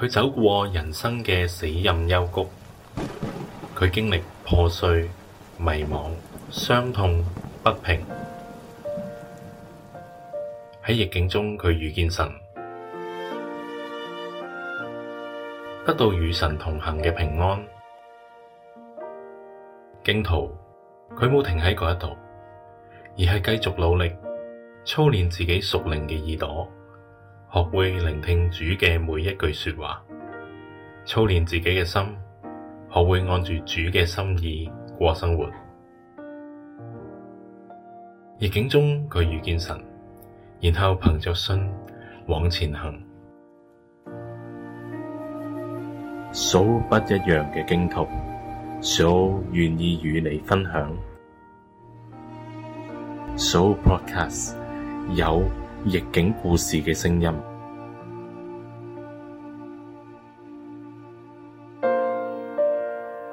佢走過人生嘅死蔭幽谷，佢經歷破碎、迷茫、傷痛、不平。喺逆境中，佢遇見神，得到與神同行嘅平安。荊徒，佢冇停喺嗰一度，而係繼續努力操練自己熟靈嘅耳朵。學會聆聽主嘅每一句說話，操練自己嘅心，學會按住主嘅心意過生活。逆境中佢遇見神，然後憑着信往前行。數不一樣嘅荊途，數願意與你分享。數 podcast 有。逆境故事嘅聲音，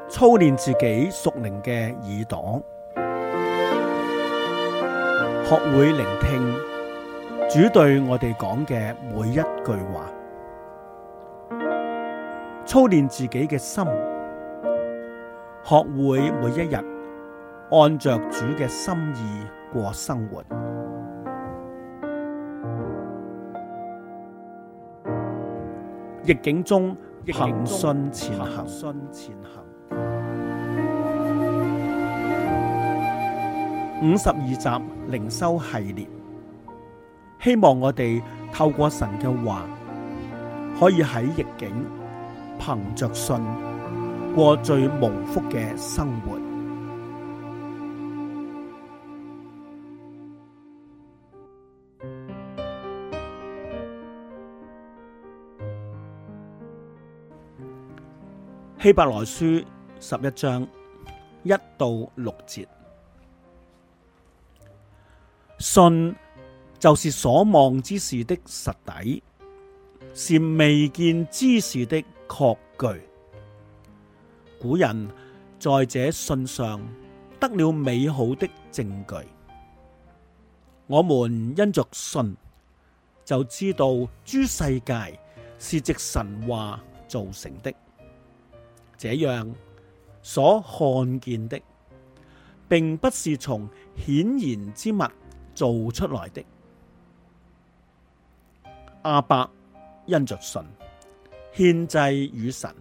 操練自己屬靈嘅耳朵，學會聆聽主對我哋講嘅每一句話。操練自己嘅心，學會每一日按着主嘅心意過生活。逆境中，憑信前行。五十二集靈修系列，希望我哋透過神嘅話，可以喺逆境，憑着信過最蒙福嘅生活。.希伯來書十一章一到六節，信就是所望之事的實底，是未見之事的確據。古人在這信上得了美好的證據，我們因着信就知道諸世界是藉神話造成的。這樣所看見的，並不是從顯然之物造出來的。阿伯因着信獻祭與神，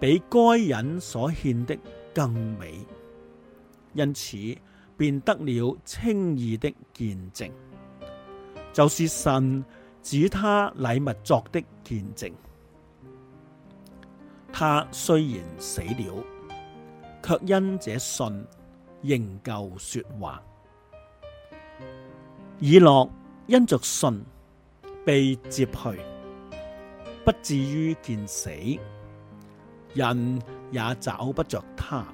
比該人所獻的更美，因此便得了稱義的見證，就是神指他禮物作的見證。他雖然死了，卻因這信仍舊說話。以諾因着信被接去，不至於見死，人也找不着他，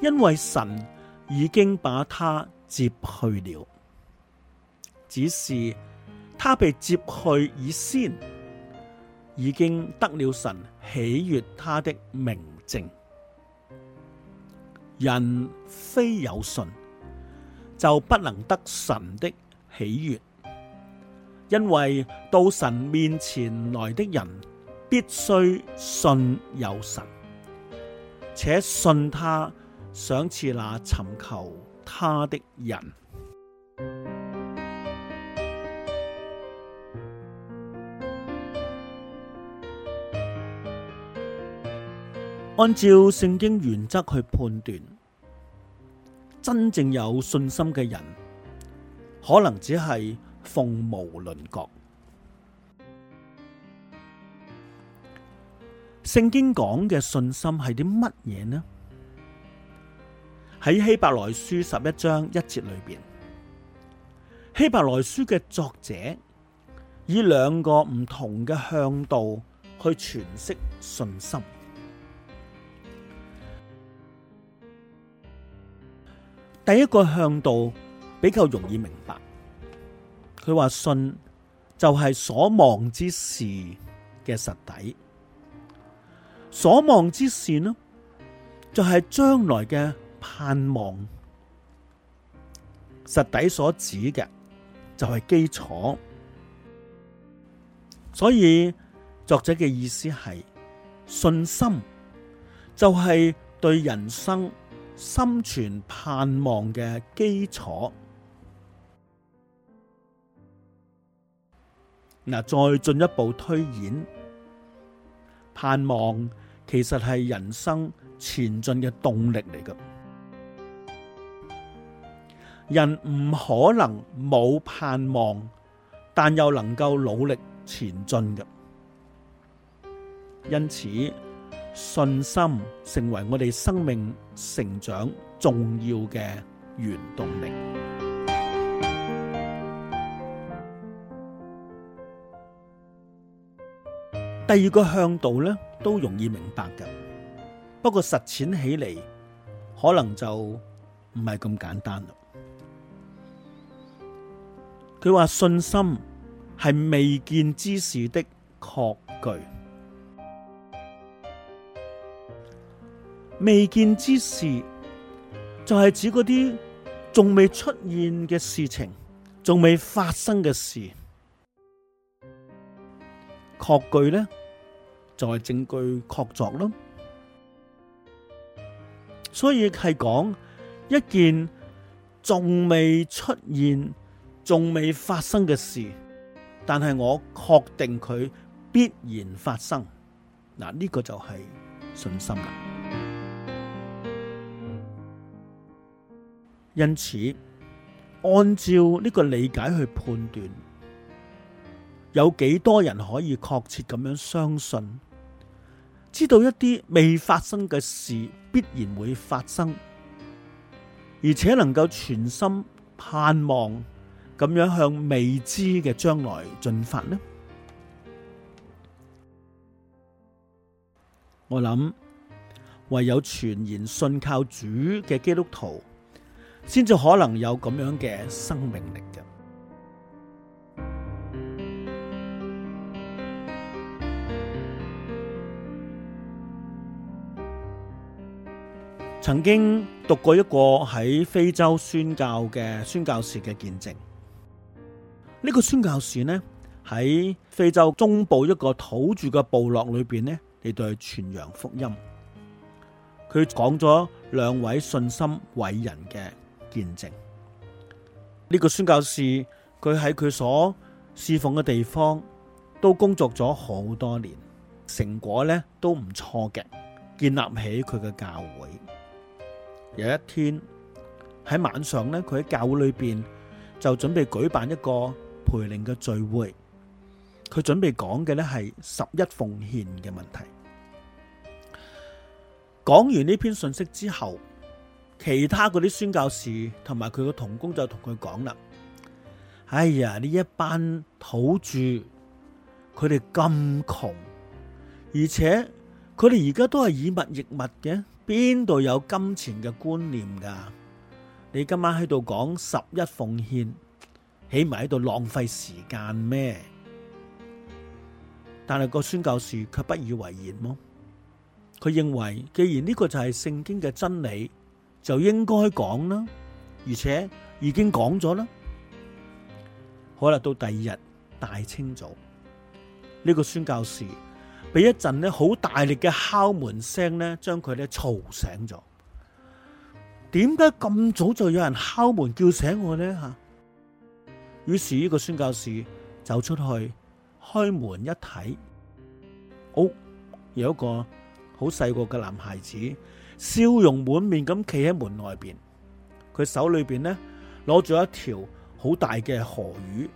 因為神已經把他接去了。只是他被接去以先。已經得了神喜悅他的明證，人非有信就不能得神的喜悅，因為到神面前來的人必須信有神，且信他，賞賜那尋求他的人。按照聖經原則去判斷，真正有信心嘅人，可能只係鳳毛麟角。聖經講嘅信心係啲乜嘢呢？喺希伯來書十一章一節裏邊，希伯來書嘅作者以兩個唔同嘅向度去詮釋信心。第一個向度比較容易明白，佢話，信就係所望之事嘅實底。所望之事呢，就係將來嘅盼望，實底所指嘅就係基礎，所以作者嘅意思係信心就係對人生。心存盼望嘅基礎，嗱，再進一步推演，盼望其實係人生前進嘅動力嚟噶。人唔可能冇盼望，但又能夠努力前進嘅，因此。信心成為我哋生命成長重要嘅原動力。第二個向度咧，都容易明白嘅，不過實踐起嚟可能就唔係咁簡單咯。佢話信心係未見之事的確據。未見之事，就係指嗰啲仲未出現嘅事情，仲未發生嘅事。確據呢，就係證據確鑿咯。所以係講一件仲未出現、仲未發生嘅事，但係我確定佢必然發生。嗱，呢個就係信心啊！因此，按照呢個理解去判斷，有幾多人可以確切咁樣相信，知道一啲未發生嘅事必然會發生，而且能夠全心盼望咁樣向未知嘅將來進發呢？我諗，唯有全然信靠主嘅基督徒。先至可能有咁樣嘅生命力嘅。曾經讀過一個喺非洲宣教嘅宣教士嘅見證，呢個宣教士呢，喺非洲中部一個土著嘅部落裏邊呢嚟，到去傳揚福音，佢講咗兩位信心偉人嘅。見證。呢個宣教士，佢喺佢所侍奉嘅地方都工作咗好多年，成果呢都唔錯嘅，建立起佢嘅教會。有一天喺晚上呢，佢喺教會裏邊就準備舉辦一個培靈嘅聚會，佢準備講嘅呢係十一奉獻嘅問題。講完呢篇信息之後。其他嗰啲宣教士和他的同埋佢個同工就同佢講啦：，哎呀，呢一班土著，佢哋咁窮，而且佢哋而家都係以物易物嘅，邊度有金錢嘅觀念噶？你今晚喺度講十一奉獻，起碼喺度浪費時間咩？但係個宣教士卻不以為然喎，佢認為既然呢個就係聖經嘅真理。就應該講啦，而且已經講咗啦。可能到第二日大清早，呢個宣教士俾一陣好大力嘅敲門聲咧，將佢咧嘈醒咗。點解咁早就有人敲門叫醒我呢？吓？於是呢個宣教士走出去開門一睇，屋、哦、有一個好細個嘅男孩子。笑容滿面咁企喺門外邊，佢手裏邊呢攞住一條好大嘅河魚，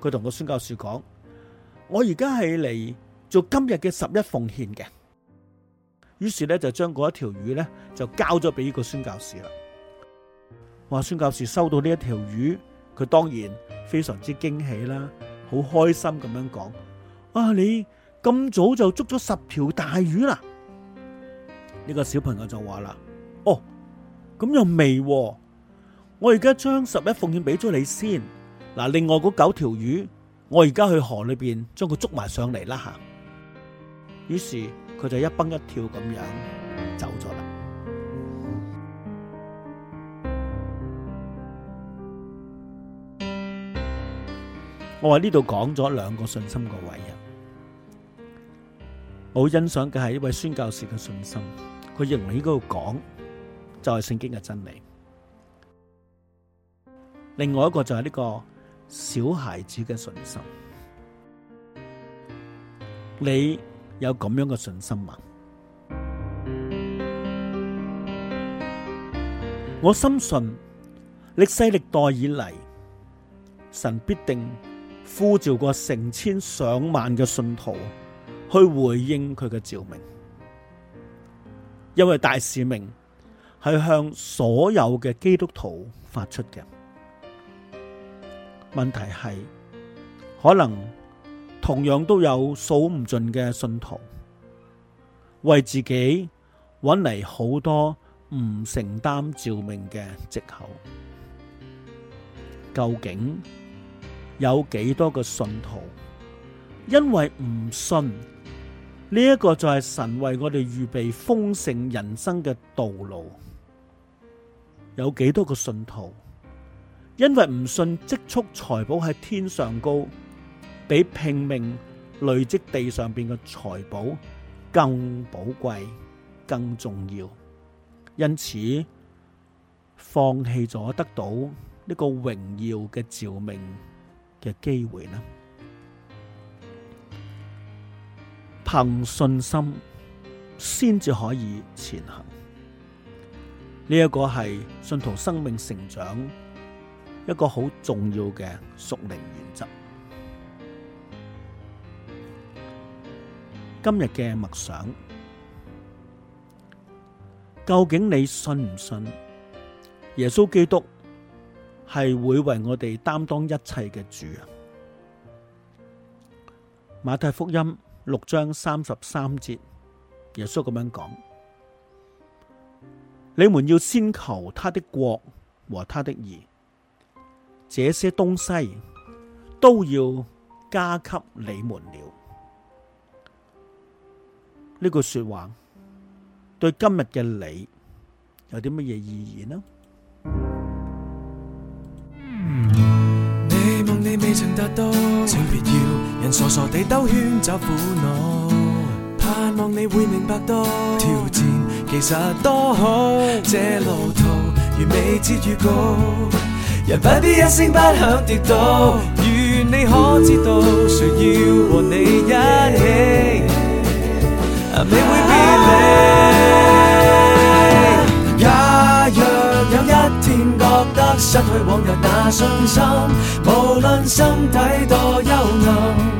佢同個孫教士講：，我而家係嚟做今日嘅十一奉獻嘅。於是呢，就將嗰一條魚呢就交咗俾呢個孫教士啦。話孫教士收到呢一條魚，佢當然非常之驚喜啦，好開心咁樣講：，啊你咁早就捉咗十條大魚啦！呢個小朋友就話啦：，哦，咁又未，我而家將十一奉獻俾咗你先，嗱，另外嗰九條魚，我而家去河裏邊將佢捉埋上嚟啦吓。於是佢就一蹦一跳咁樣走咗啦。我喺呢度講咗兩個信心各位啊，我好欣賞嘅係一位孫教士嘅信心。佢認為喺嗰度講就係聖經嘅真理。另外一個就係呢個小孩子嘅信心，你有咁樣嘅信心嗎？我深信歷世歷代以嚟，神必定呼召過成千上萬嘅信徒去回應佢嘅召命。因為大使命係向所有嘅基督徒發出嘅。問題係，可能同樣都有數唔盡嘅信徒為自己揾嚟好多唔承擔召命嘅藉口，究竟有幾多個信徒因為唔信？呢、這、一個就係神為我哋預備豐盛人生嘅道路，有幾多個信徒因為唔信積蓄財寶喺天上高，比拼命累積地上邊嘅財寶更寶貴、更重要，因此放棄咗得到呢個榮耀嘅召命嘅機會呢？憑信心先至可以前行，呢一個係信徒生命成長一個好重要嘅屬靈原則。今日嘅默想，究竟你信唔信耶穌基督係會為我哋擔當一切嘅主啊？馬太福音。六章三十三節，耶穌咁樣講：你們要先求他的國和他的義，這些東西都要加給你們了。呢句說話對今日嘅你有啲乜嘢意義呢？嗯、你望你未曾達到傻傻地兜圈找苦惱，盼望你會明白到挑戰其實多好，這路途如未知預告，人不必一聲不響跌倒。願你可知道，誰要和你一起，你會變美。假若有一天覺得失去往日那信心，無論心底多幽暗。